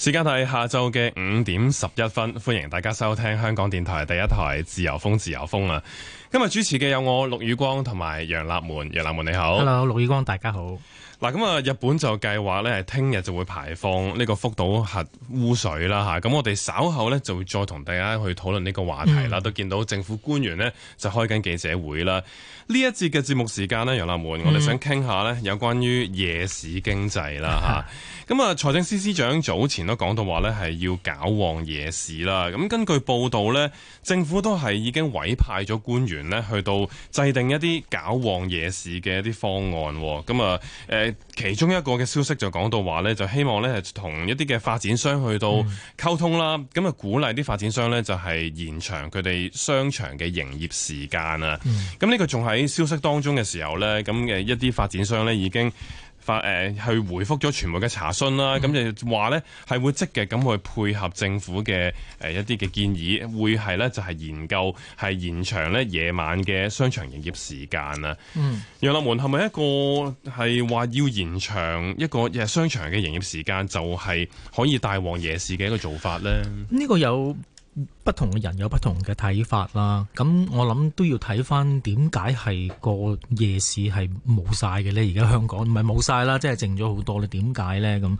時間係下晝嘅五點十一分，歡迎大家收聽香港電台第一台自由風自由風啊！今日主持嘅有我陸宇光同埋楊立門，楊立門你好，Hello，陸宇光大家好。嗱，咁啊，日本就計劃咧，聽日就會排放呢個福島核污水啦，吓，咁我哋稍後咧就會再同大家去討論呢個話題啦。都見到政府官員呢，就開緊記者會啦。呢一節嘅節目時間呢，楊立門，我哋想傾下呢，有關於夜市經濟啦，吓咁啊，財政司司長早前都講到話呢，係要搞旺夜市啦。咁根據報道呢，政府都係已經委派咗官員呢，去到制定一啲搞旺夜市嘅一啲方案。咁啊，誒。其中一個嘅消息就講到話呢，就希望呢係同一啲嘅發展商去到溝通啦，咁啊、嗯、鼓勵啲發展商呢，就係延長佢哋商場嘅營業時間啦，咁呢個仲喺消息當中嘅時候呢，咁嘅一啲發展商呢已經。啊！誒，回覆咗全部嘅查詢啦，咁就話呢係會積極咁去配合政府嘅誒一啲嘅建議，會係呢就係研究係延長呢夜晚嘅商場營業時間啊。嗯，洋樓門係咪一個係話要延長一個嘅商場嘅營業時間，就係可以帶旺夜市嘅一個做法呢？呢個有。不同嘅人有不同嘅睇法啦，咁我諗都要睇翻點解係個夜市係冇晒嘅呢？而家香港唔係冇晒啦，即係靜咗好多。你點解呢？咁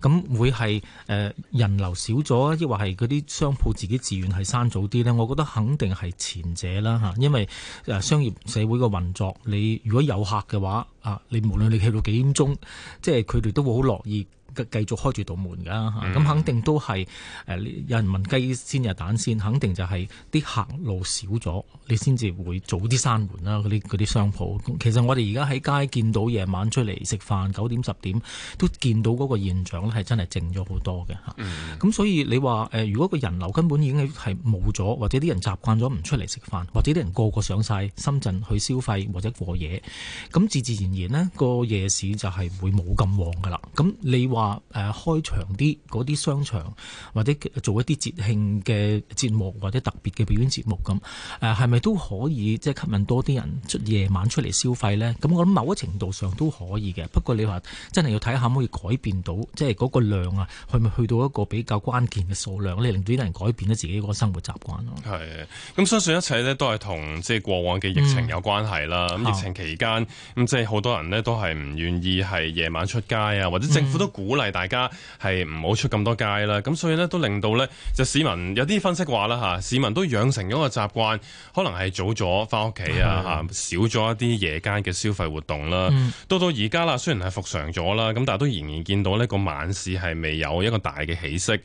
咁會係誒人流少咗，抑或係嗰啲商鋪自己自願係閂早啲呢？我覺得肯定係前者啦吓，因為誒商業社會嘅運作，你如果有客嘅話啊，你無論你去到幾點鐘，即係佢哋都會好樂意。繼續開住道門㗎，咁肯定都係誒有人問雞先入蛋先，肯定就係啲客路少咗，你先至會早啲閂門啦。嗰啲嗰啲商鋪，其實我哋而家喺街見到夜晚出嚟食飯，九點十點都見到嗰個現象咧，係真係靜咗好多嘅嚇。咁所以你話誒、呃，如果個人流根本已經係冇咗，或者啲人習慣咗唔出嚟食飯，或者啲人個個上晒深圳去消費或者過夜，咁自自然然呢個夜市就係會冇咁旺㗎啦。咁你話？話誒，開長啲嗰啲商場，或者做一啲節慶嘅節目，或者特別嘅表演節目咁，誒係咪都可以即係吸引多啲人出夜晚出嚟消費呢？咁我諗某一程度上都可以嘅，不過你話真係要睇下可唔可以改變到，即係嗰個量啊，去咪去到一個比較關鍵嘅數量咧，令到啲人改變咗自己嗰個生活習慣咯。係，咁相信一切咧都係同即係過往嘅疫情有關係啦。咁、嗯、疫情期間咁即係好多人呢都係唔願意係夜晚出街啊，或者政府都估。鼓勵大家係唔好出咁多街啦，咁所以呢，都令到呢就市民有啲分析話啦吓，市民都養成咗個習慣，可能係早咗翻屋企啊，吓的少咗一啲夜間嘅消費活動啦。嗯、到到而家啦，雖然係復常咗啦，咁但係都仍然見到呢個晚市係未有一個大嘅起色。的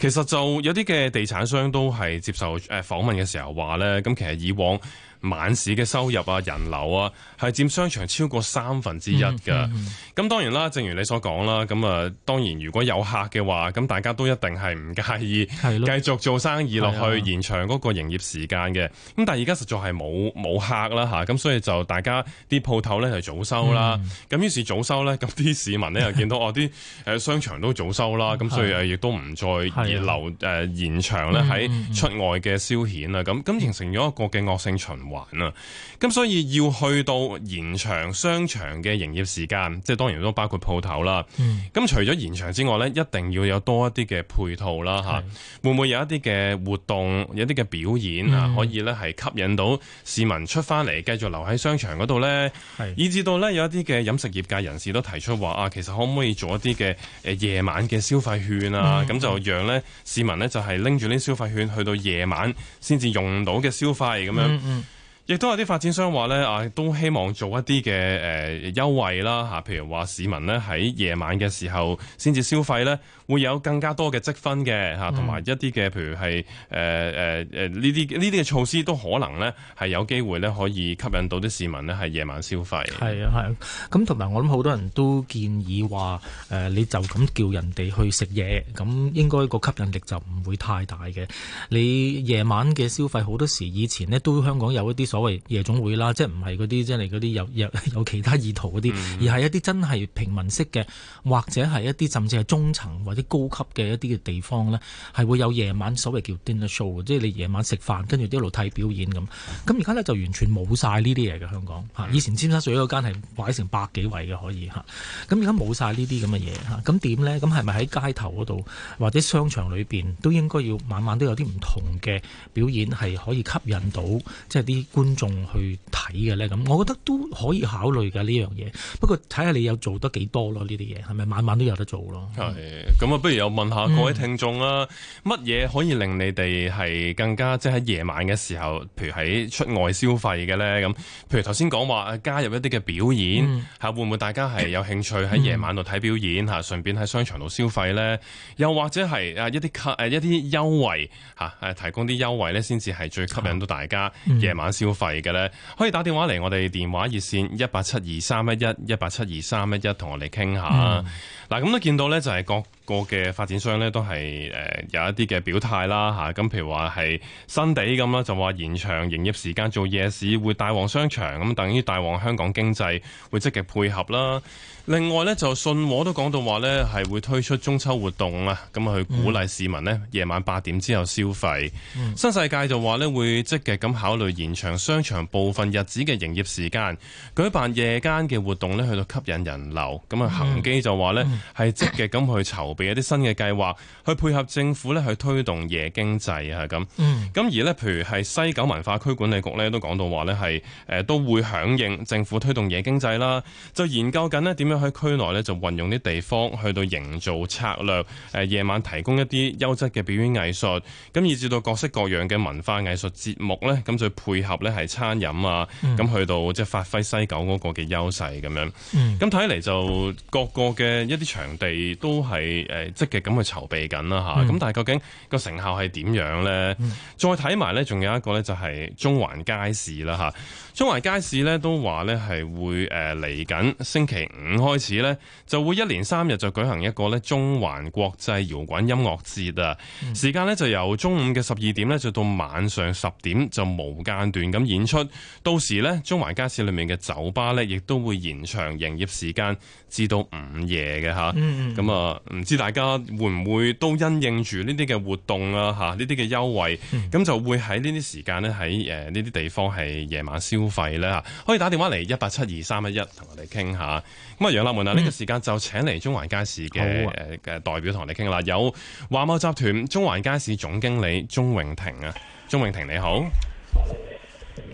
其實就有啲嘅地產商都係接受誒訪問嘅時候話呢。咁其實以往。晚市嘅收入啊、人流啊，係佔商場超過三分之一嘅。咁、嗯嗯嗯、當然啦，正如你所講啦，咁啊當然如果有客嘅話，咁大家都一定係唔介意繼續做生意落去，延長嗰個營業時間嘅。咁、嗯嗯嗯、但係而家實在係冇冇客啦吓，咁所以就大家啲鋪頭咧就早收啦。咁、嗯、於是早收咧，咁啲市民咧又 見到我啲誒商場都早收啦，咁、嗯、所以誒、啊、亦都唔再熱流誒、嗯啊、延長咧喺出外嘅消遣啊。咁咁、嗯嗯嗯嗯、形成咗一個嘅惡性循。還啦，咁所以要去到延長商場嘅營業時間，即係當然都包括鋪頭啦。咁、嗯、除咗延長之外咧，一定要有多一啲嘅配套啦，吓是會唔會有一啲嘅活動，一啲嘅表演啊，嗯、可以咧係吸引到市民出翻嚟，繼續留喺商場嗰度呢？是以至到咧有一啲嘅飲食業界人士都提出話啊，其實可唔可以做一啲嘅夜晚嘅消費券啊，咁、嗯、就讓咧市民咧就係拎住啲消費券去到夜晚先至用到嘅消費咁、嗯、樣。嗯亦都有啲發展商話咧，啊都希望做一啲嘅誒優惠啦吓，譬如話市民咧喺夜晚嘅時候先至消費咧，會有更加多嘅積分嘅吓，同埋一啲嘅譬如係誒誒誒呢啲呢啲嘅措施都可能咧係有機會咧可以吸引到啲市民咧係夜晚消費係啊係啊，咁同埋我諗好多人都建議話誒你就咁叫人哋去食嘢，咁應該個吸引力就唔會太大嘅。你夜晚嘅消費好多時以前咧都香港有一啲。所謂夜總會啦，即係唔係嗰啲即係你嗰啲有有有其他意圖嗰啲，而係一啲真係平民式嘅，或者係一啲甚至係中層或者高級嘅一啲嘅地方咧，係會有夜晚所謂叫 dinner show，即係你夜晚食飯跟住一路睇表演咁。咁而家咧就完全冇晒呢啲嘢嘅香港。以前尖沙咀嗰間係擺成百幾位嘅可以吓，咁而家冇晒呢啲咁嘅嘢吓。咁點咧？咁係咪喺街頭嗰度或者商場裏邊都應該要晚晚都有啲唔同嘅表演係可以吸引到即係啲觀眾？觀眾去睇嘅咧，咁我覺得都可以考慮噶呢樣嘢。不過睇下你有做得幾多咯，呢啲嘢係咪晚晚都有得做咯？係咁啊，不如又問一下各位聽眾啊，乜嘢、嗯、可以令你哋係更加即係喺夜晚嘅時候，譬如喺出外消費嘅咧？咁，譬如頭先講話加入一啲嘅表演，吓、嗯、會唔會大家係有興趣喺夜晚度睇表演吓，順、嗯、便喺商場度消費咧？又或者係啊一啲卡誒一啲優惠吓提供啲優惠咧，先至係最吸引到大家夜、嗯、晚消。費嘅咧，可以打電話嚟我哋電話熱線一八七二三一一，一八七二三一一，同我哋傾下。嗯嗱咁都見到呢，就係各個嘅發展商呢，都係誒有一啲嘅表態啦吓，咁譬如話係新地咁啦，就話延長營業時間做夜市，會大旺商場，咁等於大旺香港經濟，會積極配合啦。另外呢，就信和都講到話呢，係會推出中秋活動啊，咁去鼓勵市民呢，夜晚八點之後消費。Mm. 新世界就話呢，會積極咁考慮延長商場部分日子嘅營業時間，舉辦夜間嘅活動呢，去到吸引人流。咁啊恆基就話呢。係積極咁去籌備一啲新嘅計劃，去配合政府咧去推動夜經濟啊咁。咁、嗯、而呢，譬如係西九文化區管理局咧都講到話呢，係、呃、誒都會響應政府推動夜經濟啦。就研究緊呢點樣喺區內呢，就運用啲地方去到營造策略，誒、呃、夜晚提供一啲優質嘅表演藝術，咁以至到各式各樣嘅文化藝術節目呢，咁就配合呢係餐飲啊，咁、嗯、去到即係、就是、發揮西九嗰個嘅優勢咁樣。咁睇嚟就各個嘅一啲。場地都係誒積極咁去籌備緊啦吓，咁、嗯、但係究竟個成效係點樣呢？嗯、再睇埋呢仲有一個呢就係中環街市啦吓，中環街市呢都話呢係會誒嚟緊星期五開始呢，就會一連三日就舉行一個呢中環國際搖滾音樂節啊，嗯、時間呢就由中午嘅十二點呢，就到晚上十點就無間斷咁演出，到時呢，中環街市裏面嘅酒吧呢，亦都會延長營業時間。知道午夜嘅吓，咁啊唔知大家會唔會都因應住呢啲嘅活動啊吓，呢啲嘅優惠，咁、嗯、就會喺呢啲時間呢喺誒呢啲地方係夜晚消費呢吓，可以打電話嚟一八七二三一一，同我哋傾下。咁、嗯、啊，楊立文啊，呢個時間就請嚟中環街市嘅誒嘅代表同我哋傾啦，有華懋集團中環街市總經理鍾詠婷啊，鍾詠婷你好，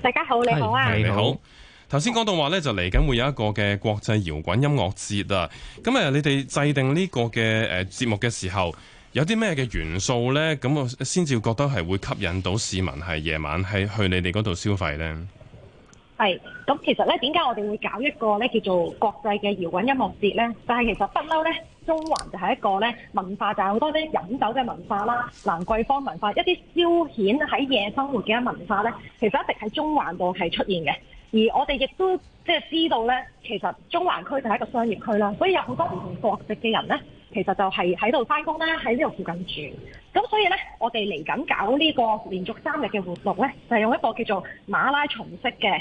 大家好，你好啊，哎、你好。頭先講到話咧，就嚟緊會有一個嘅國際搖滾音樂節啊！咁誒，你哋制定呢個嘅誒節目嘅時候，有啲咩嘅元素咧？咁我先至覺得係會吸引到市民係夜晚係去你哋嗰度消費咧。係，咁其實咧，點解我哋會搞一個咧叫做國際嘅搖滾音樂節咧？但係其實不嬲咧，中環就係一個咧文化，就係、是、好多啲飲酒嘅文化啦、蘭桂坊文化、一啲消遣喺夜生活嘅文化咧，其實一直喺中環度係出現嘅。而我哋亦都即係知道咧，其實中環區就係一個商業區啦，所以有好多唔同國籍嘅人咧，其實就係喺度翻工啦，喺呢度附近住。咁所以咧，我哋嚟緊搞呢個連續三日嘅活動咧，就係用一個叫做馬拉松式嘅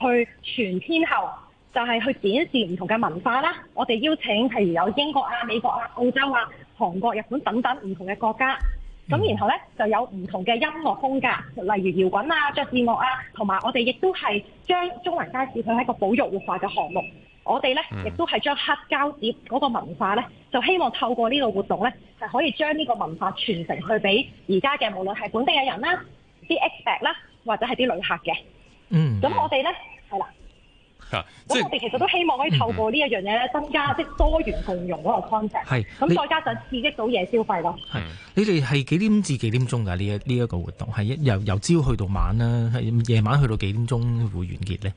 去全天候，就係去展示唔同嘅文化啦。我哋邀請譬如有英國啊、美國啊、澳洲啊、韓國、日本等等唔同嘅國家。咁、嗯、然後咧，就有唔同嘅音樂風格，例如搖滾啊、爵士樂啊，同埋我哋亦都係將中環街市佢係一個保育活化嘅項目，我哋咧亦都係將黑膠碟嗰個文化咧，就希望透過呢個活動咧，係可以將呢個文化傳承去俾而家嘅無論係本地嘅人啦、啲 expert 啦，或者係啲旅客嘅。嗯。咁我哋咧係啦。咁、啊、我哋其實都希望可以透過呢一樣嘢咧，增加、嗯、即係多元共融嗰個 concept 係，咁再加上刺激到夜消費咯。係，你哋係幾點至幾點鐘㗎？呢一呢一個活動係由由朝去到晚啦，係夜晚去到幾點鐘會完結咧？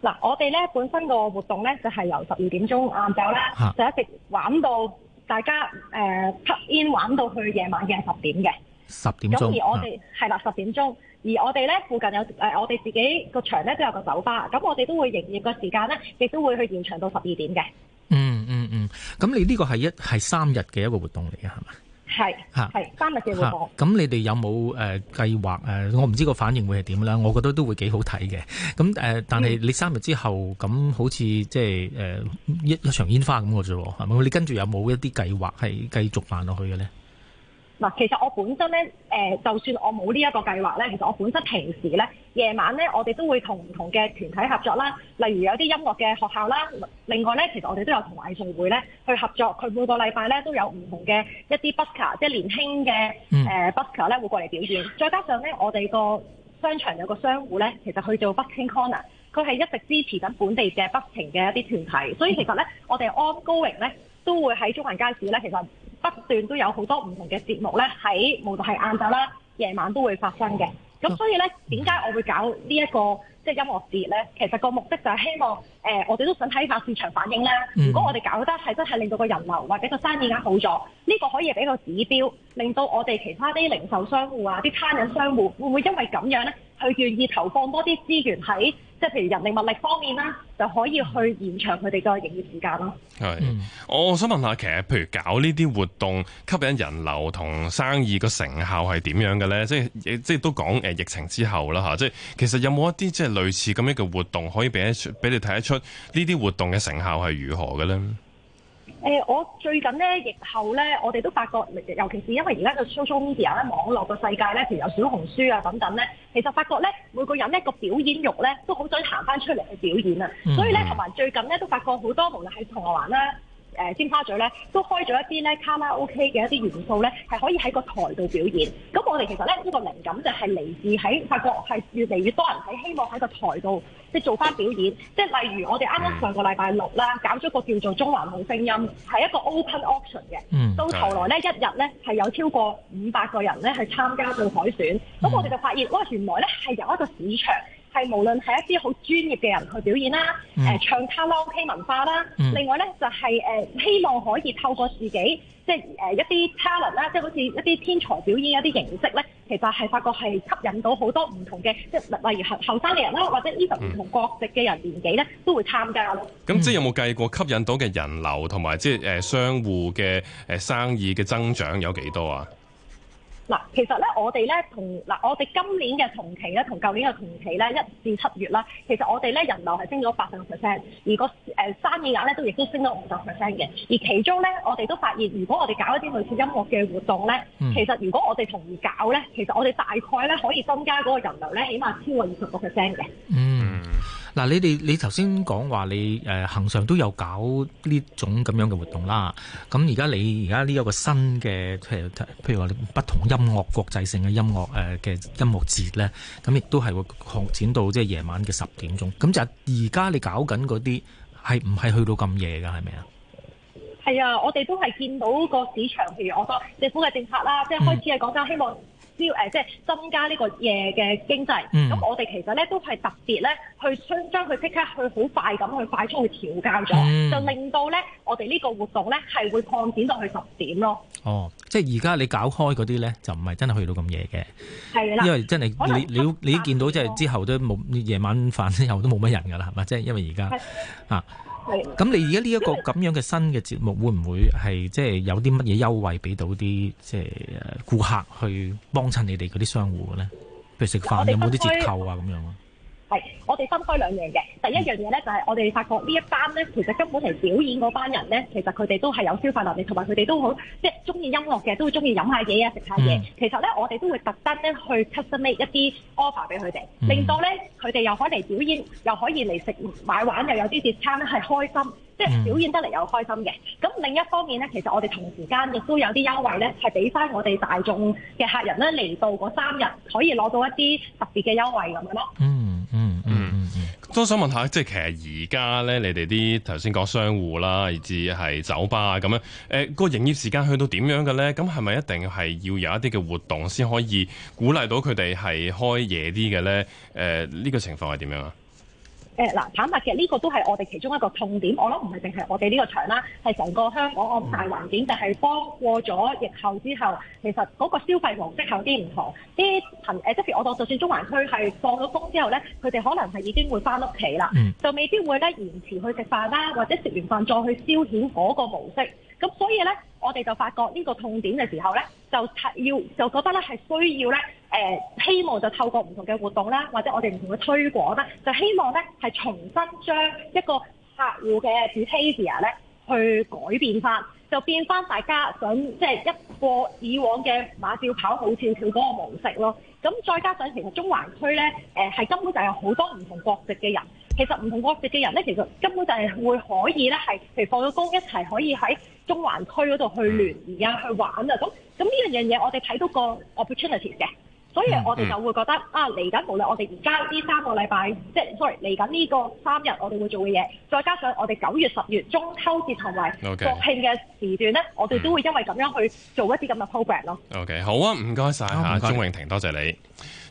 嗱、啊，我哋咧本身個活動咧就係、是、由十二點鐘晏晝咧，呢啊、就一直玩到大家誒吸煙玩到去晚夜晚嘅十點嘅十點鐘。咁而我哋係啦，十點鐘。而我哋咧附近有誒，我哋自己個場咧都有個酒吧，咁我哋都會營業嘅時間咧，亦都會去延長到十二點嘅、嗯。嗯嗯嗯，咁你呢個係一係三日嘅一個活動嚟嘅，係嘛？係嚇是是，三日嘅活動。咁你哋有冇誒、呃、計劃誒？我唔知個反應會係點啦。我覺得都會幾好睇嘅。咁誒、呃，但係你三日之後，咁好似即係誒一一場煙花咁嘅啫喎。係咪？你跟住有冇一啲計劃係繼續辦落去嘅咧？嗱，其實我本身咧、呃，就算我冇呢一個計劃咧，其實我本身平時咧，夜晚咧，我哋都會同唔同嘅團體合作啦。例如有啲音樂嘅學校啦，另外咧，其實我哋都有同藝穗會咧去合作。佢每個禮拜咧都有唔同嘅一啲 busker，即係年輕嘅 busker 咧會過嚟表演。再加上咧，我哋個商場有個商戶咧，其實去做 busking corner，佢係一直支持緊本地嘅 busking 嘅一啲團體。所以其實咧，我哋 ongoing 咧都會喺中環街市咧，其實不斷都有好多唔同嘅節目咧，喺無論係晏晝啦、夜晚都會發生嘅。咁所以咧，點解我會搞呢一個即係音樂節咧？其實個目的就係希望，誒、呃，我哋都想睇下市場反應啦。如果我哋搞得係真係令到個人流或者個生意額好咗，呢、呢個可以畀個指標，令到我哋其他啲零售商戶啊、啲餐飲商戶會唔會因為咁樣咧？佢願意投放多啲資源喺即係譬如人力物力方面啦，就可以去延長佢哋嘅營業時間咯。係，我想問下，其實譬如搞呢啲活動吸引人流同生意個成效係點樣嘅咧？即係亦即係都講誒疫情之後啦吓，即係其實有冇一啲即係類似咁樣嘅活動可以俾俾你睇得出呢啲活動嘅成效係如何嘅咧？誒、欸，我最近咧疫後咧，我哋都發覺，尤其是因為而家個 social media、網絡個世界咧，譬如有小紅書啊等等咧，其實發覺咧，每個人咧個表演欲咧都好想行翻出嚟去表演啊，所以咧同埋最近咧都發覺好多，無論係同學玩啦。誒、呃、尖沙咀咧都開咗一啲咧卡拉 OK 嘅一啲元素咧，係可以喺個台度表演。咁我哋其實咧呢、呢個靈感就係嚟自喺法國，係越嚟越多人喺希望喺個台度即係做翻表演。即係例如我哋啱啱上個禮拜六啦，搞咗個叫做中環好聲音，係一個 open audition 嘅。嗯、mm，hmm。到後來咧一日咧係有超過五百個人咧係參加到海選。咁我哋就發現哇，mm hmm。原來咧係有一個市場。係無論係一啲好專業嘅人去表演啦，誒、嗯呃、唱卡拉 OK 文化啦。嗯、另外咧就係、是、誒、呃、希望可以透過自己，即係誒一啲 talent 啦，即係好似一啲天才表演一啲形式咧，其實係發覺係吸引到好多唔同嘅，即係例如後後生嘅人啦，或者呢啲唔同國籍嘅人年紀咧，嗯、都會參加咯。咁、嗯、即係有冇計過吸引到嘅人流同埋即係誒商戶嘅誒生意嘅增長有幾多啊？嗱，其實咧，我哋咧同嗱，我哋今年嘅同期咧，同舊年嘅同期咧，一至七月啦，其實我哋咧人流係升咗八十個 percent，而個誒生意額咧都亦都升咗五十 percent 嘅，而其中咧，我哋都發現，如果我哋搞一啲類似音樂嘅活動咧，嗯、其實如果我哋同意搞咧，其實我哋大概咧可以增加嗰個人流咧，起碼超過二十個 percent 嘅。嗯。嗱、啊，你哋你頭先講話你誒、呃、恆常都有搞呢種咁樣嘅活動啦，咁而家你而家呢一個新嘅譬如譬如話你不同音樂國際性嘅音樂誒嘅、呃、音樂節咧，咁亦都係會擴展到即係夜晚嘅十點鐘，咁就係而家你搞緊嗰啲係唔係去到咁夜㗎，係咪啊？係啊，我哋都係見到個市場，譬如我講政府嘅政策啦，即係開始係講緊希望。嗯要即係增加呢個夜嘅經濟。咁、嗯、我哋其實咧都係特別咧，去將將佢即刻去好快咁去快速去調校咗，嗯、就令到咧我哋呢個活動咧係會擴展到去十點咯。哦，即係而家你搞開嗰啲咧，就唔係真係去到咁夜嘅。係啊的，因為真係你你你見到即係之後都冇夜晚飯之後都冇乜人㗎啦，係咪？即係因為而家的啊。咁你而家呢一個咁樣嘅新嘅節目，會唔會係即係有啲乜嘢優惠俾到啲即係顧客去幫襯你哋嗰啲商戶嘅咧？譬如食飯有冇啲折扣啊咁樣？係，我哋分開兩樣嘅。第一樣嘢咧，就係、是、我哋發覺呢一班咧，其實根本嚟表演嗰班人咧，其實佢哋都係有消化能力，同埋佢哋都好即係中意音樂嘅，都會中意飲下嘢啊，食下嘢。嗯、其實咧，我哋都會特登咧去 customize 一啲 offer 俾佢哋，令到咧佢哋又可以嚟表演，又可以嚟食買玩，又有啲折餐咧係開心，即係表演得嚟又開心嘅。咁、嗯、另一方面咧，其實我哋同時間亦都有啲優惠咧，係俾翻我哋大眾嘅客人咧嚟到嗰三日，可以攞到一啲特別嘅優惠咁樣咯。嗯。都想問下，即係其實而家咧，你哋啲頭先講商戶啦，以至係酒吧咁樣，誒、呃個營業時間去到點樣嘅咧？咁係咪一定係要有一啲嘅活動先可以鼓勵到佢哋係開夜啲嘅咧？誒、呃、呢個情況係點樣啊？誒嗱，坦白其實呢個都係我哋其中一個痛點，我諗唔係淨係我哋呢個場啦，係成個香港咁大環境，但係過咗疫後之後，其實嗰個消費模式有啲唔同，啲朋即譬如我當就算中環區係放咗工之後咧，佢哋可能係已經會翻屋企啦，嗯、就未必會咧延遲去食飯啦，或者食完飯再去消遣嗰個模式。咁所以咧，我哋就發覺呢個痛點嘅時候咧，就要就覺得咧係需要咧，誒、呃、希望就透過唔同嘅活動啦，或者我哋唔同嘅推廣啦，就希望咧係重新將一個客戶嘅 behaviour 咧去改變翻，就變翻大家想即係、就是、一個以往嘅馬照跑好少少嗰個模式咯。咁再加上其實中環區咧，誒、呃、係根本就有好多唔同國籍嘅人。其實唔同國籍嘅人咧，其實根本就係會可以咧，係譬如放咗工一齊可以喺中環區嗰度去聯誼、啊、去玩啊！咁咁呢樣嘢，我哋睇到個 opportunity 嘅，所以我哋就會覺得、嗯嗯、啊，嚟緊無論我哋而家呢三個禮拜，即係 sorry 嚟緊呢個三日，我哋會做嘅嘢，再加上我哋九月十月中秋節同埋國慶嘅時段咧，Okay. 我哋都會因為咁樣去做一啲咁嘅 program 咯。OK，好啊，唔該晒啊，哦、鍾詠婷，多謝你。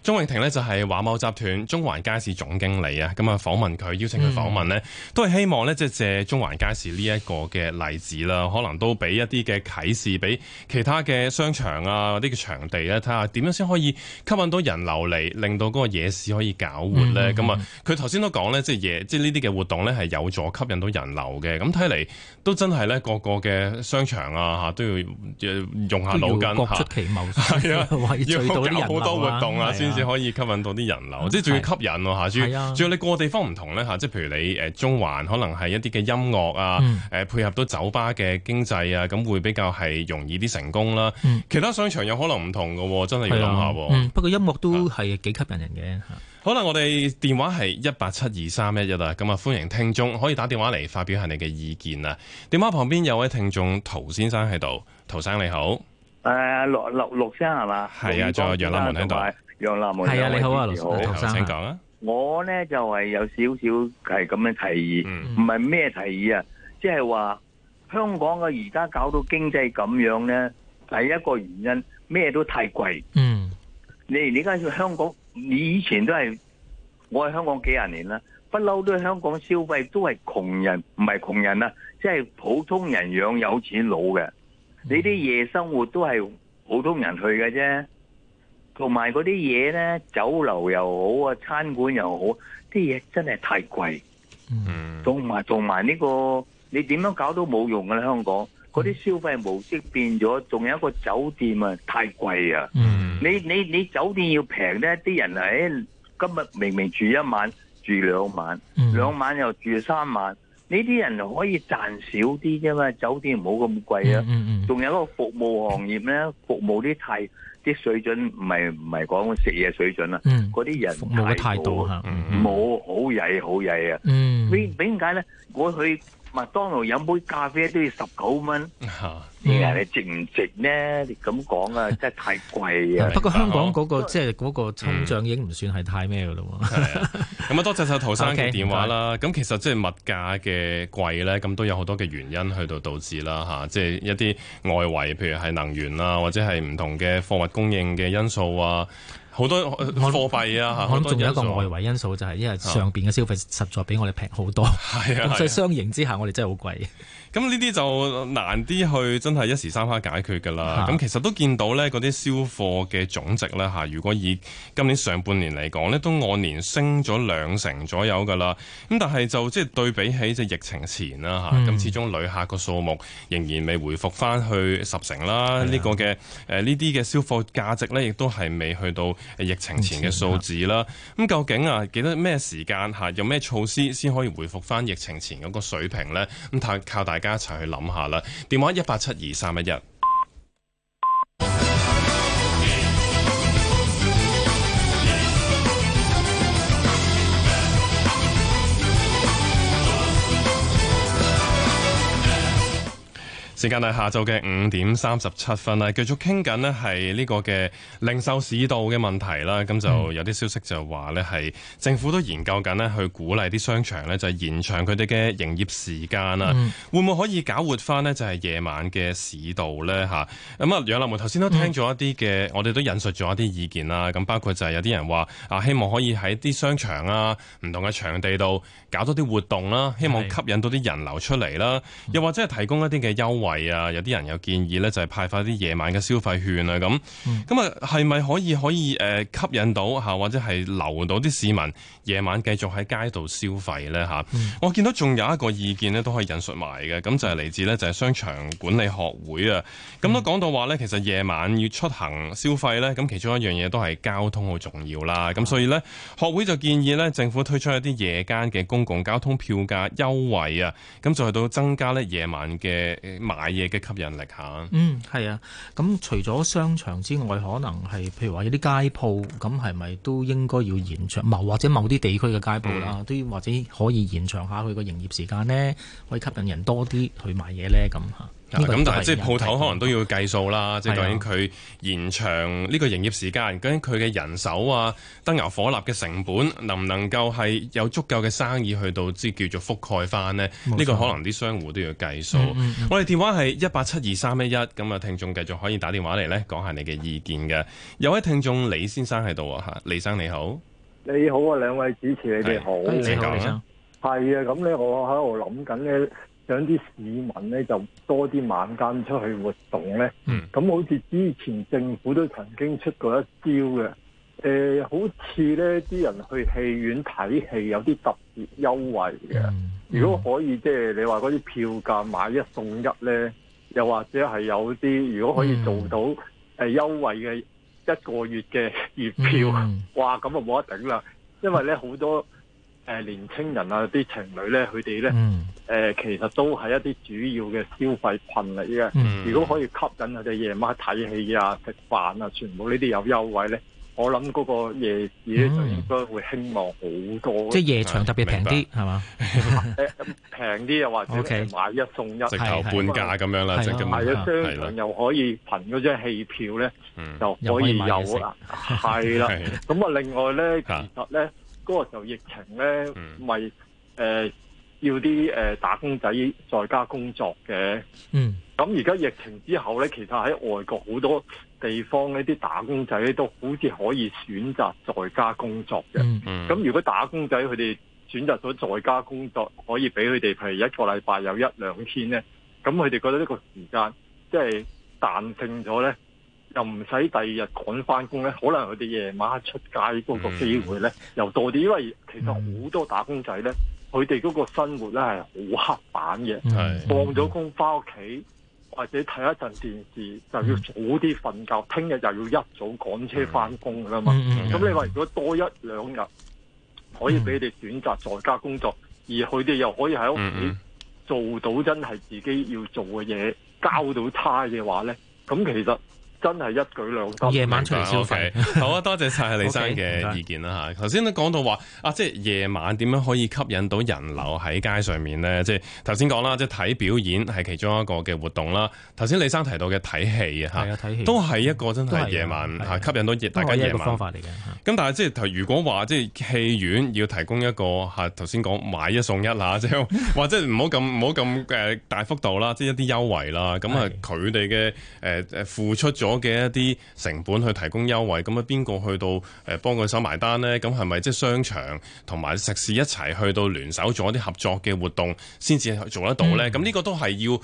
鍾詠婷呢就係華懋集團中環街市總經理啊，咁啊訪問佢，邀請佢訪問呢，嗯、都係希望呢，即係借中環街市呢一個嘅例子啦，可能都俾一啲嘅啟示，俾其他嘅商場啊，啲、這、嘅、個、場地咧，睇下點樣先可以吸引到人流嚟，令到嗰個夜市可以搞活咧。咁啊、嗯，佢頭先都講咧，即係夜即係呢啲嘅活動咧係有助吸引到人流嘅。咁睇嚟都真係咧，個個嘅商場啊吓都要用一下腦筋吓，各出奇謀係啊， 要搞好多活動啊先至可以吸引到啲人流，是即係仲要吸引喎、啊、嚇，仲要仲要你個地方唔同咧嚇，即係譬如你誒中環可能係一啲嘅音樂啊，誒、嗯呃、配合到酒吧嘅經濟啊，咁會比較係容易啲成功啦。嗯、其他商場有可能唔同嘅、啊，真係要諗下、啊啊嗯。不過音樂都係幾吸引人嘅。好啦，我哋電話係一八七二三一一啦，咁啊歡迎聽眾可以打電話嚟發表下你嘅意見啊。電話旁邊有一位聽眾陶先生喺度，陶生你好。誒六六六聲係嘛？係啊，仲有楊立文喺度。拜拜。楊南係啊，你好啊，羅生，請講啊。我咧就係、是、有少少係咁嘅提議，唔係咩提議啊，即係話香港嘅而家搞到經濟咁樣咧，第一個原因咩都太貴。嗯，你而你而家香港，你以前都係我喺香港幾廿年啦，不嬲都喺香港消費都係窮人，唔係窮人啊，即、就、係、是、普通人養有錢佬嘅，你啲夜生活都係普通人去嘅啫。同埋嗰啲嘢呢，酒樓又好啊，餐館又好，啲嘢真係太貴。嗯，同埋同埋呢個，你點樣搞都冇用噶啦！香港嗰啲消費模式變咗，仲有一個酒店啊，太貴啊、嗯！你你你酒店要平呢啲人誒、哎，今日明明住一晚，住兩晚，嗯、兩晚又住三晚，呢啲人可以賺少啲啫嘛！酒店唔好咁貴啊，仲、嗯嗯嗯、有一個服務行業呢，嗯、服務啲太。啲水準唔係唔係講食嘢水準啦，嗰啲、嗯、人嘅態度啊，冇好曳好曳啊，嗯、嗯，你點解咧？我去。麥當勞飲杯咖啡都要十九蚊，啲、啊、你值唔值呢？嗯、你咁講啊，真係太貴啊！不過香港嗰個即係嗰個通脹已經唔算係太咩嘅咯。咁啊，多謝晒陶生嘅電話啦。咁 Okay, 其實即係物價嘅貴咧，咁都有好多嘅原因去到導致啦嚇。即係一啲外圍，譬如係能源啊，或者係唔同嘅貨物供應嘅因素啊。好多貨幣啊！嚇我，我諗仲有一個外圍因素就係，因為上面嘅消費實在比我哋平好多、啊，咁 所以相形之下我哋真係好貴、啊。 咁呢啲就難啲去真係一時三刻解決㗎啦。咁、啊、其實都見到呢嗰啲銷貨嘅總值呢。如果以今年上半年嚟講呢都按年升咗兩成左右㗎啦。咁但係就即係、就是、對比起即係疫情前啦咁、嗯、始終旅客個數目仍然未回復翻去十成啦。呢的個嘅誒呢啲嘅銷貨價值呢，亦都係未去到疫情前嘅數字啦。咁、啊、究竟啊，幾多咩時間嚇、啊？有咩措施先可以回復翻疫情前嗰個水平呢？咁靠大家。大家一齊去諗下啦，電話一八七二三一一。時間係下晝嘅五點三十七分啦，繼續傾緊咧係呢個嘅零售市道嘅問題啦。咁就有啲消息就話咧係政府都研究緊咧去鼓勵啲商場咧，就係延長佢哋嘅營業時間啦。嗯、會唔會可以搞活翻？咧？就係夜晚嘅市道咧？吓咁啊！楊立梅頭先都聽咗一啲嘅，嗯、我哋都引述咗一啲意見啦。咁包括就係有啲人話啊，希望可以喺啲商場啊、唔同嘅場地度搞多啲活動啦，希望吸引到啲人流出嚟啦，又或者係提供一啲嘅優惠。係啊，有啲人有建議咧，就係派發啲夜晚嘅消費券啊，咁咁啊，係咪可以可以誒吸引到嚇，或者係留到啲市民夜晚繼續喺街度消費咧嚇？嗯、我見到仲有一個意見咧，都可以引述埋嘅，咁就係嚟自咧，就係、是、商場管理學會啊。咁、嗯、都講到話咧，其實夜晚要出行消費咧，咁其中一樣嘢都係交通好重要啦。咁、啊、所以咧，學會就建議咧，政府推出一啲夜間嘅公共交通票價優惠啊，咁就去到增加咧夜晚嘅晚。買嘢嘅吸引力吓，嗯，係啊，咁除咗商場之外，可能係譬如話有啲街鋪，咁係咪都應該要延長，或或者某啲地區嘅街鋪啦，嗯、都或者可以延長下佢個營業時間呢，可以吸引人多啲去買嘢呢。咁吓。咁、嗯、但係即係鋪頭可能都要計數啦，嗯、即係、嗯、究竟佢延長呢個營業時間，究竟佢嘅人手啊、燈油火蠟嘅成本，能唔能夠係有足夠嘅生意去到即叫做覆蓋翻呢？呢個可能啲商戶都要計數。嗯嗯嗯、我哋電話係一八七二三一一，咁啊聽眾繼續可以打電話嚟呢，講下你嘅意見嘅。有位聽眾李先生喺度啊，吓，李先生你好。你好啊，兩位主持你哋好，你好，係啊，咁咧我喺度諗緊呢。想啲市民咧就多啲晚間出去活動咧，咁、嗯、好似之前政府都曾經出過一招嘅，誒、呃、好似咧啲人去戲院睇戲有啲特別優惠嘅，嗯、如果可以即係、就是、你話嗰啲票價買一送一咧，又或者係有啲如果可以做到誒優、嗯呃、惠嘅一個月嘅月票，嗯嗯、哇咁啊冇得頂啦，因為咧好多。誒，年青人啊，啲情侶咧，佢哋咧，誒，其實都係一啲主要嘅消費群嚟嘅。如果可以吸引佢哋夜晚睇戲啊、食飯啊，全部呢啲有優惠咧，我諗嗰個夜市咧就應該會興旺好多。即係夜場特別平啲，係嘛？誒，平啲又或者係買一送一，直頭半價咁樣啦，即係咁樣，係啦，商場又可以憑嗰張戲票咧，就可以有啦。係啦，咁啊，另外咧，其實咧。嗰個時候疫情咧，咪、嗯呃、要啲、呃、打工仔在家工作嘅。咁而家疫情之後咧，其實喺外國好多地方呢啲打工仔都好似可以選擇在家工作嘅。咁、嗯嗯、如果打工仔佢哋選擇咗在家工作，可以俾佢哋譬如一個禮拜有一兩天咧，咁佢哋覺得呢個時間即係、就是、彈性咗咧。又唔使第二日趕翻工咧，可能佢哋夜晚出街嗰個機會咧、嗯、又多啲，因為其實好多打工仔咧，佢哋嗰個生活咧係好刻板嘅，放咗工翻屋企或者睇一陣電視就要早啲瞓覺，聽日、嗯、又要一早趕車翻工啦嘛。咁、嗯、你話如果多一兩日可以俾你選擇在家工作，嗯、而佢哋又可以喺屋企做到真係自己要做嘅嘢，交到差嘅話咧，咁其實。真係一舉兩得。夜晚出嚟消費，好啊！多謝晒李生嘅意見啦嚇。頭先都講到話啊，即係夜晚點樣可以吸引到人流喺街上面咧？即係頭先講啦，即係睇表演係其中一個嘅活動啦。頭先李生提到嘅睇戲嚇，啊係啊、睇戲都係一個真係、啊、夜晚嚇、啊、吸引到大家熱嘅方法嚟嘅。咁、啊、但係即係如果話即係戲院要提供一個嚇頭先講買一送一啦、啊，即係 或即係唔好咁唔好咁誒大幅度啦，即、就、係、係、一啲優惠啦。咁啊，佢哋嘅誒誒付出咗。所嘅一啲成本去提供優惠，咁啊邊個去到誒幫佢手埋單咧？咁係咪即係商場同埋食肆一齊去到聯手做一啲合作嘅活動先至做得到咧？咁呢、嗯、個都係要。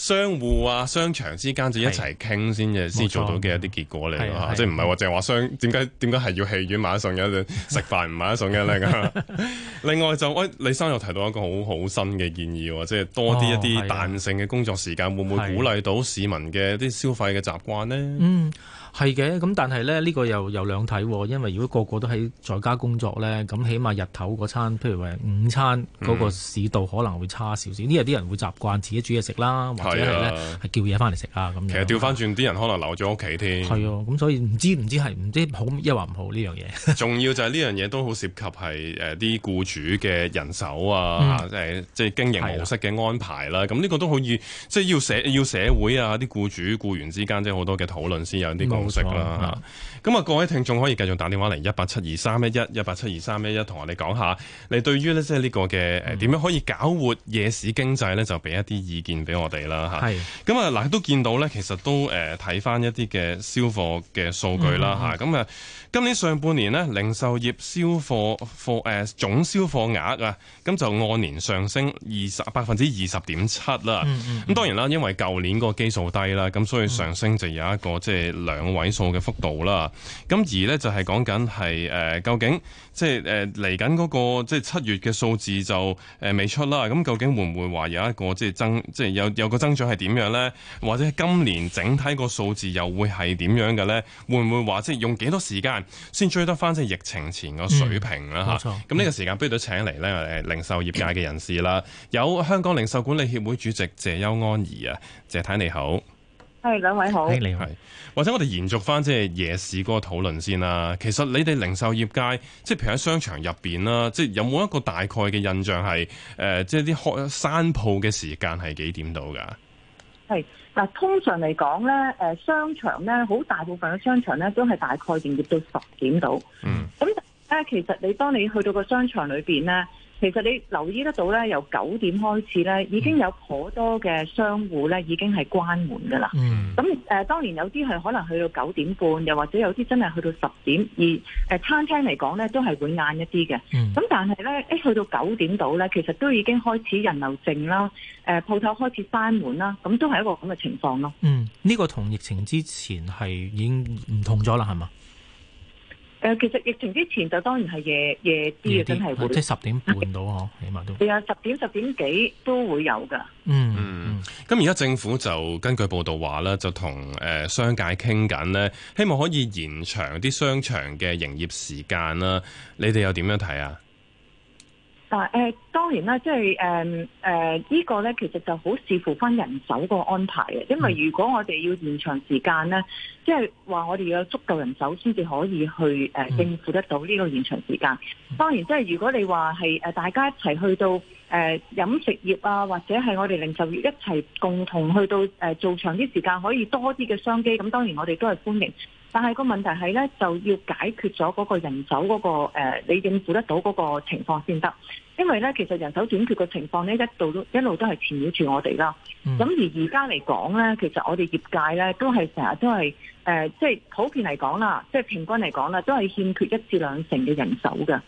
商戶啊，商場之間就一齊傾先嘅，先做到嘅一啲結果嚟咯，即係唔係話淨係話商？點解點解係要戲院買一送一，食飯唔買一送一咧？另外， 另外就，喂、哎，李生又提到一個好好新嘅建議喎，即、就、係、是、多啲一啲彈性嘅工作時間，哦啊、會唔會鼓勵到市民嘅啲消費嘅習慣呢？嗯、啊。係嘅，咁但係咧呢個又又兩睇，因為如果個個都喺在家工作咧，咁起碼日頭嗰餐，譬如話午餐嗰個市道可能會差少少。呢日啲人會習慣自己煮嘢食啦，或者係咧係叫嘢翻嚟食啊咁樣，其實調翻轉啲人可能留咗屋企添。係啊，咁所以唔知唔知係唔知好一話唔好呢樣嘢。嗯、重要就係呢樣嘢都好涉及係誒啲僱主嘅人手啊，即係、嗯、經營模式嘅安排啦。咁呢、啊、個都可以即係要社要社會啊啲僱主僱員之間即係好多嘅討論先有啲、呢個。好食啦嚇咁啊，是各位聽眾可以繼續打電話嚟一八七二三一一一八七二三一一，同我哋講下你對於即係呢個嘅誒點樣可以搞活夜市經濟呢？就俾一啲意見俾我哋啦嚇咁啊，嗱都見到呢，其實都睇翻、呃、一啲嘅銷貨嘅數據啦嚇咁、嗯、啊，今年上半年呢，零售業銷貨貨誒總銷貨額啊，咁就按年上升二十百分之二十點七啦。咁、啊、當然啦，因為舊年個基數低啦，咁所以上升就有一個即係兩就是位數嘅幅度啦，咁而呢，就係講緊係誒，究竟即係誒嚟緊嗰個即係七月嘅數字就誒未出啦，咁究竟會唔會話有一個即係增，即係有有個增長係點樣呢？或者今年整體個數字又會係點樣嘅呢？會唔會話即係用幾多時間先追得翻即係疫情前個水平啦？吓、嗯，咁呢個時間不如都請嚟呢咧，零售業界嘅人士啦，嗯、有香港零售管理協會主席謝邱安儀啊，謝太你好。係兩位好，hey, 你好。或者我哋延續翻即係夜市嗰個討論先啦。其實你哋零售業界，即係譬如喺商場入邊啦，即係有冇一個大概嘅印象係誒、呃，即係啲開閂鋪嘅時間係幾點到噶？係嗱，但通常嚟講咧，誒商場咧，好大部分嘅商場咧都係大概營業到十點到。嗯，咁啊，其實你當你去到個商場裏邊咧。其實你留意得到咧，由九點開始咧，已經有好多嘅商戶咧已經係關門㗎啦。咁誒、嗯，當年有啲係可能去到九點半，又或者有啲真係去到十點，而餐廳嚟講咧都係會晏一啲嘅。咁、嗯、但係咧，一去到九點到咧，其實都已經開始人流靜啦，誒鋪頭開始閂門啦，咁都係一個咁嘅情況咯。嗯，呢個同疫情之前係已經唔同咗啦，係嘛？誒、呃，其實疫情之前就當然係夜夜啲嘅，真係會即係十點半到嗬，的起碼都係啊，十點十點幾都會有㗎、嗯。嗯嗯，咁而家政府就根據報道話咧，就同誒商界傾緊咧，希望可以延長啲商場嘅營業時間啦。你哋又點樣睇啊？但誒、啊呃、當然啦，即係誒誒呢個咧，其實就好視乎翻人手個安排嘅，因為如果我哋要延長時間咧，即係話我哋要有足夠人手先至可以去誒應付得到呢個延長時間。當然，即係如果你話係誒大家一齊去到誒、呃、飲食業啊，或者係我哋零售業一齊共同去到誒、呃、做長啲時間，可以多啲嘅商機，咁當然我哋都係歡迎。但係個問題係咧，就要解決咗嗰個人手嗰、那個誒、呃，你應付得到嗰個情況先得。因為咧，其實人手短缺嘅情況咧，一度都一路都係纏繞住我哋啦。咁、嗯、而而家嚟講咧，其實我哋業界咧都係成日都係誒，即、呃、係、就是、普遍嚟講啦，即、就、係、是、平均嚟講啦，都係欠缺一至兩成嘅人手嘅。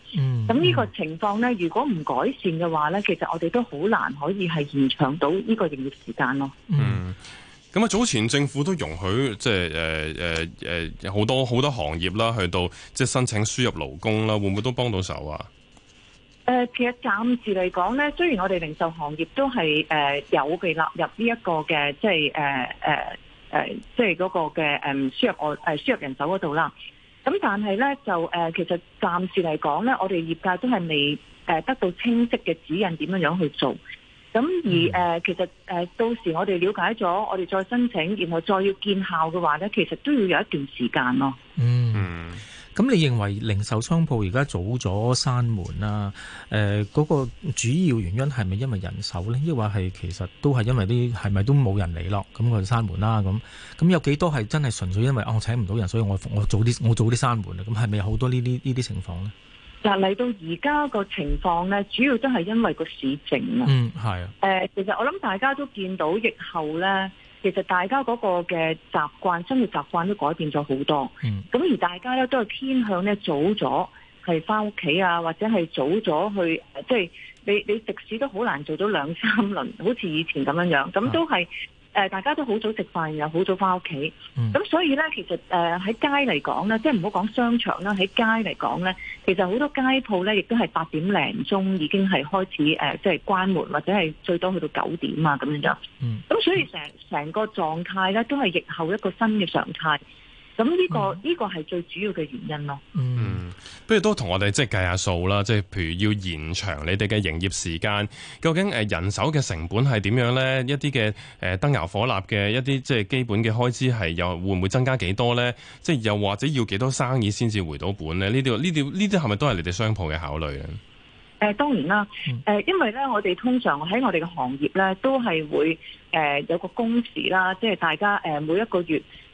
咁呢、嗯、個情況咧，嗯、如果唔改善嘅話咧，其實我哋都好難可以係延長到呢個營業時間咯。嗯。嗯咁啊，早前政府都容許即係誒誒誒好多好多行業啦，去到即係申請輸入勞工啦，會唔會都幫到、呃都呃呃呃呃呃、手啊？誒、呃，其實暫時嚟講咧，雖然我哋零售行業都係誒有被納入呢一個嘅，即係誒誒誒，即係嗰個嘅誒輸入外誒輸入人手嗰度啦。咁但係咧就誒，其實暫時嚟講咧，我哋業界都係未誒得到清晰嘅指引，點樣樣去做。咁、嗯、而誒，其實誒，到時我哋了解咗，我哋再申請，然後再要見效嘅話咧，其實都要有一段時間咯。嗯，咁你認為零售商鋪而家早咗閂門啦、啊？誒、呃，嗰、那個主要原因係咪因為人手呢？亦或係其實都係因為啲係咪都冇人嚟咯？咁佢閂門啦，咁咁有幾多係真係純粹因為我請唔到人，所以我早我早啲我早啲閂門啊？咁係咪好多呢啲呢啲情況咧？嗱，嚟到而家個情況咧，主要都係因為個市靜、嗯、啊。嗯，係啊。誒，其實我諗大家都見到疫後咧，其實大家嗰個嘅習慣，生活習慣都改變咗好多。嗯。咁而大家咧都係偏向咧早咗係翻屋企啊，或者係早咗去，即係你你食市都好難做到兩三輪，好似以前咁樣樣，咁都係。誒，大家都好早食飯，又好早翻屋企，咁、嗯、所以咧，其實誒喺、呃、街嚟講咧，即係唔好講商場啦，喺街嚟講咧，其實好多街鋪咧，亦都係八點零鐘已經係開始誒，即係關門，或者係最多去到九點啊咁樣就，咁、嗯嗯、所以成成個狀態咧，都係疫後一個新嘅常態。咁呢、這個呢、嗯、個係最主要嘅原因咯。嗯，不如都同我哋即係計下數啦，即係譬如要延長你哋嘅營業時間，究竟誒人手嘅成本係點樣咧？一啲嘅誒燈油火蠟嘅一啲即係基本嘅開支係又會唔會增加幾多咧？即係又或者要幾多生意先至回到本咧？呢啲呢啲呢啲係咪都係你哋商鋪嘅考慮啊？誒、呃，當然啦，誒、嗯呃，因為咧我哋通常喺我哋嘅行業咧都係會誒、呃、有個工時啦，即係大家誒、呃、每一個月。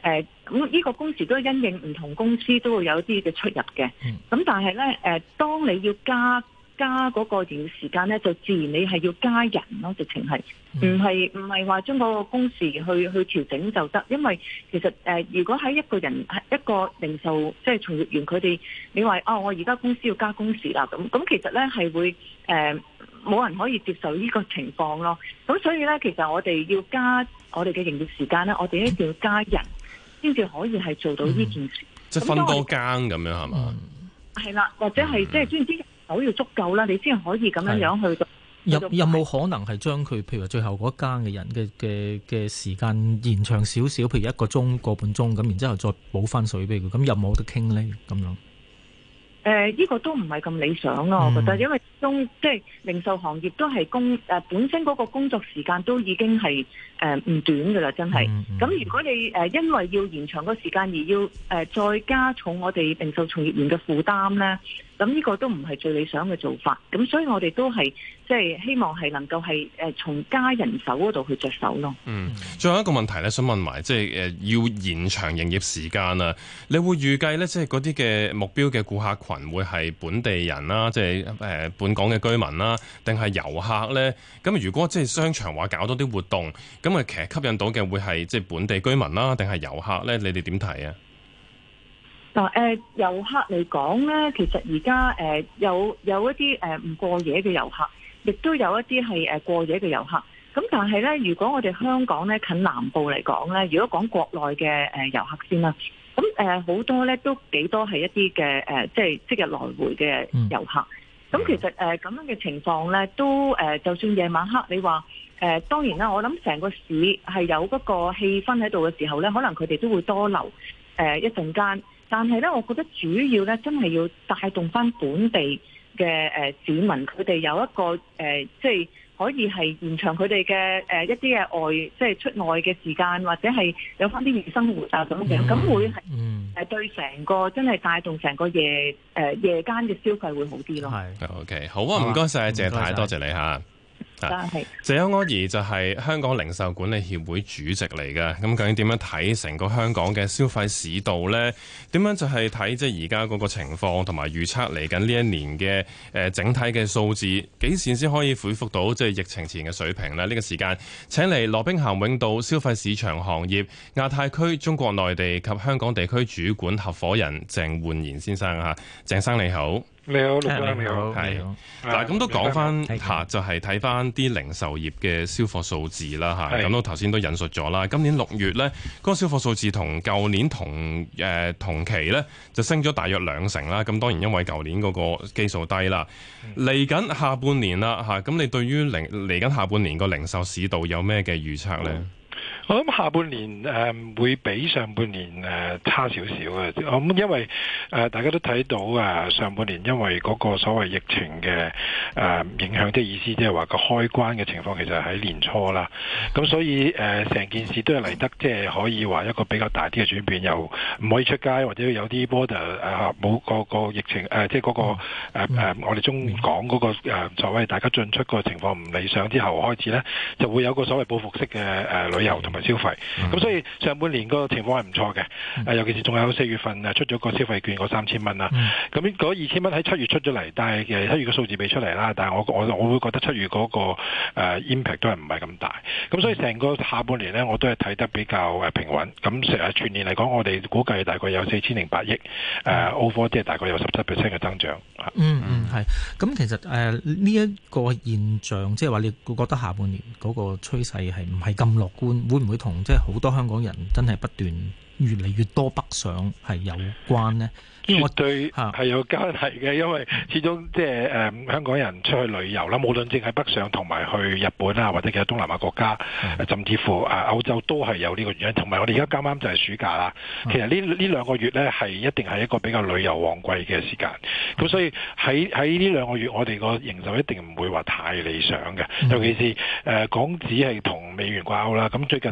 誒，咁呢、呃這個工時都因應唔同公司都會有啲嘅出入嘅。咁、嗯、但係呢，誒、呃，當你要加加嗰個營業時間呢，就自然你係要加人咯，直情係，唔係唔係話將嗰個工時去去調整就得。因為其實誒、呃，如果喺一個人一個零售即係從業員佢哋，你話哦，我而家公司要加工時啦，咁咁其實呢係會誒冇、呃、人可以接受呢個情況咯。咁所以呢，其實我哋要加我哋嘅營業時間呢，我哋一定要加人。嗯先至可以係做到呢件事，嗯、即分多間咁樣係嘛？係啦、嗯吧，或者係即係總言之，手要足夠啦，你先可以咁樣樣去到是到。有冇可能係將佢譬如最後嗰間嘅人嘅嘅嘅時間延長少少，譬如一個鐘、個半鐘咁，然之後再補翻水俾佢，咁有冇得傾咧？咁樣？誒，呢、呃，這個都唔係咁理想咯，我覺得，嗯、因為工即係零售行業都係工誒、呃，本身嗰個工作時間都已經係誒唔短噶啦，真係。咁、嗯嗯、如果你誒、呃、因為要延長個時間而要誒、呃、再加重我哋零售從業員嘅負擔咧？咁呢個都唔係最理想嘅做法，咁所以我哋都係即係希望係能夠係誒從加人手嗰度去着手咯。嗯，最後一個問題咧，想問埋即係誒要延長營業時間啊，你會預計咧即係嗰啲嘅目標嘅顧客群會係本地人啦、啊，即係誒本港嘅居民啦、啊，定係遊客咧？咁如果即係商場話搞多啲活動，咁啊其實吸引到嘅會係即係本地居民啦、啊，定係遊客咧？你哋點睇啊？嗱，遊、呃、遊客嚟講咧，其實而家誒有有一啲誒唔過夜嘅遊客，亦都有一啲係誒過夜嘅遊客。咁但係咧，如果我哋香港咧近南部嚟講咧，如果講國內嘅誒遊客先啦，咁誒好多咧都幾多係一啲嘅誒，即、呃、係、即係、即日來回嘅遊客。咁、嗯、其實誒咁、呃、樣嘅情況咧，都誒、呃、就算夜晚黑，你話誒當然啦，我諗成個市係有嗰個氣氛喺度嘅時候咧，可能佢哋都會多留誒、呃、一陣間。但係咧，我覺得主要咧，真係要帶動翻本地嘅誒市民，佢哋有一個誒、呃，即係可以係延長佢哋嘅誒一啲嘅外，即係出外嘅時間，或者係有翻啲夜生活啊，咁樣，咁、嗯嗯、會係誒對成個真係帶動成個夜誒、呃、夜間嘅消費會好啲咯。係是，OK，好，好啊，唔該晒，謝太，多謝你嚇。但是啊，謝邱安儀就係香港零售管理協會主席嚟嘅，咁究竟點樣睇成個香港嘅消費市道呢？點樣就係睇即係而家嗰個情況，同埋預測嚟緊呢一年嘅誒、呃、整體嘅數字幾時先可以恢復到即係疫情前嘅水平呢？呢、這個時間請嚟羅兵咸永道消費市場行業亞太區中國內地及香港地區主管合夥人鄭煥然先生啊，鄭生，生你好。你好，你好，係嗱，咁都講翻吓，好就係睇翻啲零售業嘅銷貨數字啦吓，咁都頭先都引述咗啦。今年六月咧，嗰、那個銷貨數字同舊年同誒、呃、同期咧就升咗大約兩成啦。咁當然因為舊年嗰個基數低啦。嚟緊下，下半年啦吓，咁、啊、你對於零嚟緊下，下半年個零售市道有咩嘅預測咧？嗯我諗下半年誒、嗯、會比上半年誒、呃、差少少嘅，因為誒、呃、大家都睇到啊、呃，上半年因為嗰個所謂疫情嘅誒、呃、影響，即係意思即係話個開關嘅情況其實喺年初啦，咁、嗯、所以誒成、呃、件事都係嚟得即係、就是、可以話一個比較大啲嘅轉變，又唔可以出街或者有啲 border 冇、呃、嗰個疫情誒、呃，即係嗰、那個誒、呃嗯呃、我哋中港嗰、那個、呃、作所謂大家進出個情況唔理想之後開始咧，就會有個所謂報復式嘅、呃、旅遊同埋消費咁，嗯、所以上半年嗰個情況係唔錯嘅。誒、嗯，尤其是仲有四月份誒出咗個消費券嗰三千蚊啦。咁嗰二千蚊喺七月出咗嚟，但係七月嘅數字未出嚟啦。但係我我我會覺得七月嗰個誒 impact 都係唔係咁大。咁所以成個下半年呢，我都係睇得比較平穩。咁成年全年嚟講，我哋估計大概有四千零八億誒 overall 即係大概有十七 percent 嘅增長。嗯嗯，係。咁其實誒呢一個現象，即係話你會覺得下半年嗰個趨勢係唔係咁樂觀？會唔？會同即係好多香港人真係不斷越嚟越多北上係有關咧？絕對係有關係嘅，因為始終即係誒香港人出去旅遊啦，無論淨係北上同埋去日本啊，或者其他東南亞國家，甚至乎誒、呃、歐洲都係有呢個原因。同埋我哋而家啱啱就係暑假啦，其實呢呢兩個月咧係一定係一個比較旅遊旺季嘅時間。咁所以喺喺呢兩個月，我哋個營售一定唔會話太理想嘅。尤其是誒、呃、港紙係同美元掛鈎啦，咁最近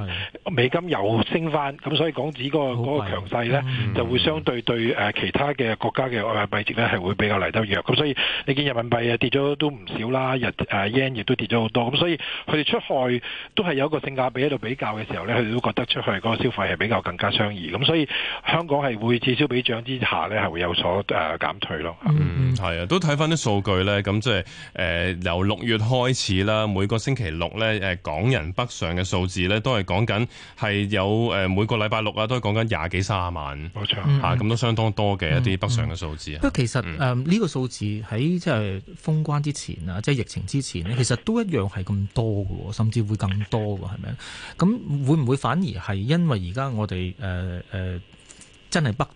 美金又升翻，咁所以港紙嗰、那個嗰、那個強勢咧就會相對對誒、呃、其他。其他嘅國家嘅外幣幣值咧係會比較嚟得弱，咁所以你見人民幣啊跌咗都唔少啦，日啊 yen 亦都跌咗好多，咁所以佢哋出去都係有一個性價比喺度比較嘅時候咧，佢哋都覺得出去嗰個消費係比較更加相宜，咁所以香港係會至少比漲之下咧係會有所誒、呃、減退咯。嗯，係啊，都睇翻啲數據咧，咁即係誒由六月開始啦，每個星期六咧誒、呃、港人北上嘅數字咧都係講緊係有誒、呃、每個禮拜六啊都係講緊廿幾卅萬，冇錯嚇，咁、啊、都相當多嘅。一啲北上嘅數字啊，不過、嗯嗯、其實誒呢、嗯呃這個數字喺即係封關之前啊，即、就、係、是、疫情之前，其實都一樣係咁多，係咁多嘅甚至會更多喎，係咪？咁會唔會反而係因為而家我哋誒誒真係北？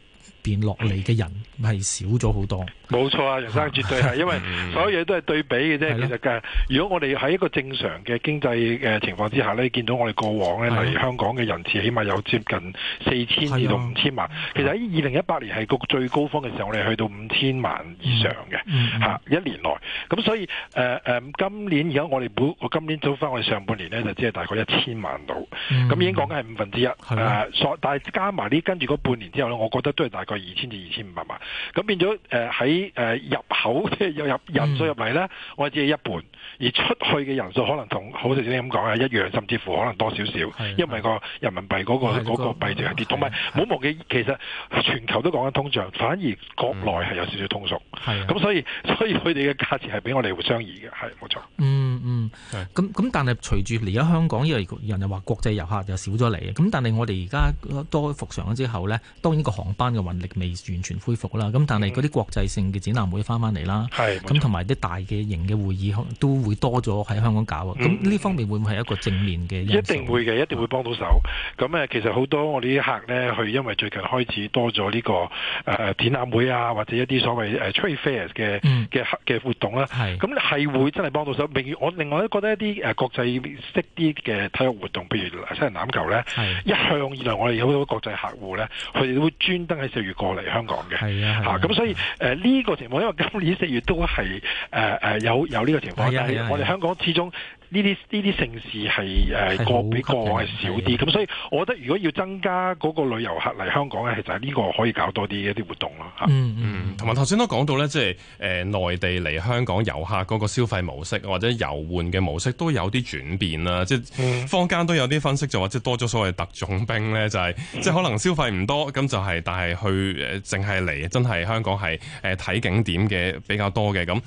變落嚟嘅人係少咗好多，冇錯啊，楊生絕對係，因為所有嘢都係對比嘅啫。 的其實嘅，如果我哋喺一個正常嘅經濟嘅情況之下咧，你見到我哋過往咧嚟香港嘅人次，起碼有接近四千至到五千萬。的其實喺二零一八年係個最高峰嘅時候，我哋去到五千萬以上嘅吓，嗯嗯啊、一年內。咁所以誒誒、呃，今年而家我哋我今年早翻我哋上半年咧，就只係大概一千萬度，咁、嗯、已經講緊係五分之一的。誒、啊，所但係加埋呢，跟住嗰半年之後咧，我覺得都係大概。二千至二千五百萬，咁變咗誒喺誒入口，即係又入人數入嚟咧，嗯、我哋只係一半，而出去嘅人數可能同好似先咁講係一樣，甚至乎可能多少少，的因為個人民幣嗰、那個嗰的、那個、個幣值係跌，同埋唔好忘記的其實全球都講緊通脹，反而國內係有少少通縮，咁所以所以佢哋嘅價錢係比我哋互相宜嘅，係冇錯。嗯嗯，咁咁，但係隨住嚟咗香港，因為人又話國際遊客又少咗嚟，咁但係我哋而家多復常咗之後咧，當然個航班嘅運力未完全恢復啦，咁但係嗰啲國際性嘅展覽會翻翻嚟啦，咁同埋啲大嘅型嘅會議都會多咗喺香港搞，咁呢方面會唔會係一個正面嘅？一定會嘅，一定會幫到手。咁誒其實好多我哋啲客咧，佢因為最近開始多咗呢個誒展覽會啊，或者一啲所謂 trade fair 嘅嘅嘅活動啦，咁係會真係幫到手。譬另外都覺得一啲誒國際式啲嘅體育活動，譬如七人欖球咧，啊、一向以來我哋有好多國際客戶咧，佢哋都會專登喺四月過嚟香港嘅。啊，咁、啊啊、所以誒呢、呃這個情況，因為今年四月都係誒、呃、有有呢個情況，啊啊啊啊、但係我哋香港始終。呢啲呢啲城市係誒個比個係少啲，咁的所以我覺得如果要增加嗰個旅遊客嚟香港咧，就係、是、呢個可以搞多啲一啲活動啦，嗯、啊、嗯，同埋頭先都講到咧，即係誒內地嚟香港遊客嗰個消費模式或者遊玩嘅模式都有啲轉變啦。即、就、係、是嗯、坊間都有啲分析就話，即係多咗所謂特種兵咧，就係即係可能消費唔多咁就係、是，但係去誒淨係嚟，真係香港係睇、呃、景點嘅比較多嘅咁。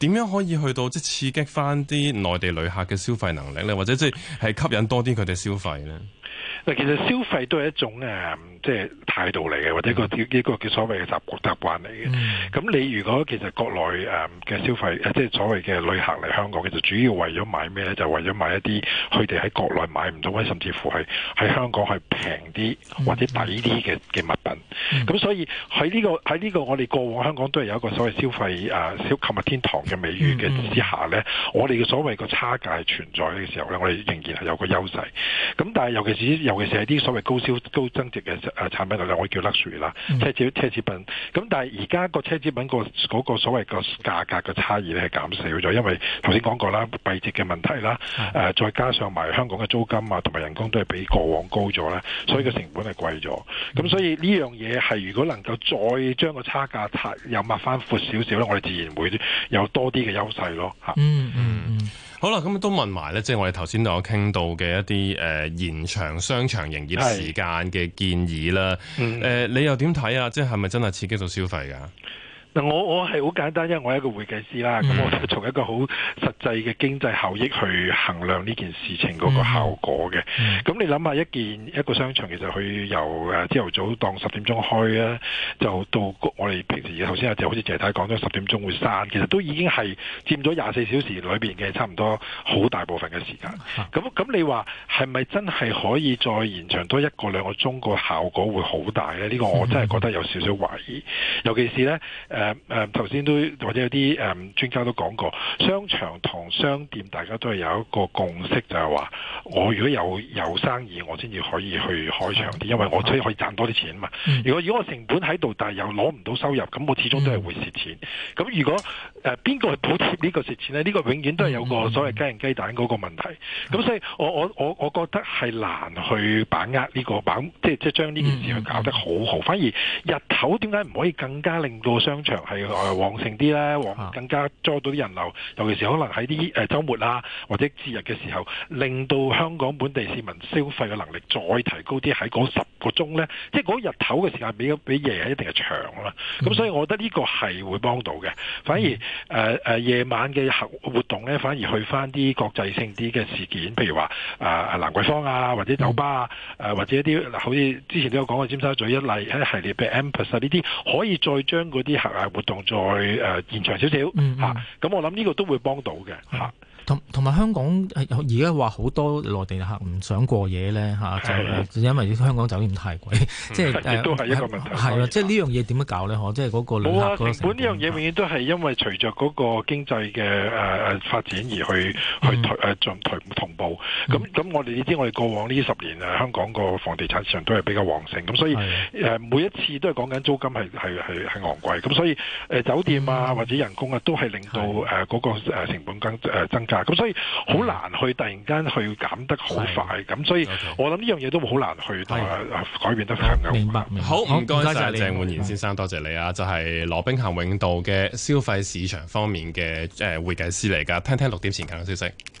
點樣可以去到即係刺激翻啲內地旅客嘅消費能力咧？或者即係吸引多啲佢哋消費咧？嗱，其實消費都係一種啊。即係態度嚟嘅，或者個叫一個叫所謂嘅習慣習慣嚟嘅。咁你如果其實國內誒嘅消費，即係所謂嘅旅客嚟香港，其實主要為咗買咩咧？就為咗買一啲佢哋喺國內買唔到，甚至乎係喺香港係平啲或者抵啲嘅嘅物品。咁、嗯嗯、所以喺呢、呢個喺呢個我哋過往香港都係有一個所謂消費誒消購物天堂嘅美譽嘅之下咧，我哋嘅所謂個差價存在嘅時候咧，我哋仍然係有個優勢。咁但係尤其是尤其是喺啲所謂高消高增值嘅，誒、啊、產品嗰類我哋叫 luxury 啦，奢侈、嗯、品咁，但係而家個奢侈品個嗰個所謂個價格嘅差異咧係減少咗，因為頭先講過啦，幣值嘅問題啦，誒、嗯呃、再加上埋香港嘅租金啊同埋人工都係比過往高咗咧，所以個成本係貴咗。咁、嗯、所以呢樣嘢係如果能夠再將個差價又抹翻闊少少咧，我哋自然會有多啲嘅優勢咯嚇、嗯。嗯嗯嗯。好啦，咁都問埋咧，即係我哋頭先都有傾到嘅一啲誒、呃、延長商場營業時間嘅建議啦。誒，你又點睇啊？即係係咪真係刺激到消費㗎？我我係好簡單，因為我係一個會計師啦，咁、嗯、我從一個好實際嘅經濟效益去衡量呢件事情嗰個效果嘅。咁、嗯、你諗下一件一個商場，其實佢由誒朝頭早當十點鐘開咧，就到我哋平時頭先阿就好似謝太講咗十點鐘會閂，其實都已經係佔咗廿四小時裏面嘅差唔多好大部分嘅時間。咁咁、嗯、你話係咪真係可以再延長多一個兩個鐘個效果會好大咧？呢、呢個我真係覺得有少少懷疑，尤其是咧、呃誒誒，頭先、呃、都或者有啲誒、呃、專家都講過，商場同商店大家都係有一個共識就，就係話我如果有有生意，我先至可以去開長啲，因為我所以可以賺多啲錢嘛。嗯、如果如果我成本喺度，但係又攞唔到收入，咁我始終都係會蝕錢。咁、嗯、如果誒邊個去補貼呢個蝕錢呢，呢、這個永遠都係有個所謂雞人雞蛋嗰個問題。咁、嗯嗯、所以我，我我我我覺得係難去把握呢、這個把，即即將呢件事去搞得好好。反而日頭點解唔可以更加令到商？係誒旺盛啲咧，往更加抓到啲人流，尤其是可能喺啲誒週末啊，或者節日嘅時候，令到香港本地市民消費嘅能力再提高啲。喺嗰十個鐘咧，即係嗰日頭嘅時間比比夜一定係長啦。咁所以，我覺得呢個係會幫到嘅。反而誒誒、呃、夜晚嘅活活動咧，反而去翻啲國際性啲嘅事件，譬如話啊蘭桂坊啊，或者酒吧啊，誒或者一啲好似之前都有講過尖沙咀一例，喺系列嘅 Empress 呢啲，可以再將嗰啲客。大活動再誒、呃、延長少少嗯，嗯，吓咁、啊、我諗呢個都會幫到嘅吓。啊嗯同同埋香港，而家話好多內地客唔想過夜咧，嚇就係因為香港酒店太貴，即係亦都係一個問題。係啊，即係呢樣嘢點樣搞咧？即係嗰個旅客個成本呢樣嘢，永遠都係因為隨著嗰個經濟嘅誒誒發展而去去推誒進同步。咁咁，我哋知我哋過往呢十年啊，香港個房地產市場都係比較旺盛，咁所以誒每一次都係講緊租金係係係係昂貴，咁所以誒酒店啊或者人工啊都係令到誒嗰個誒成本更誒增加。咁所以好難去突然間去減得好快，咁的所以 okay 我諗呢樣嘢都會好難去的改變得快明白，好唔該晒，鄭煥賢先生，白多謝你啊！就係羅冰行永道嘅消費市場方面嘅誒、呃、會計師嚟噶。聽聽六點前嘅消息。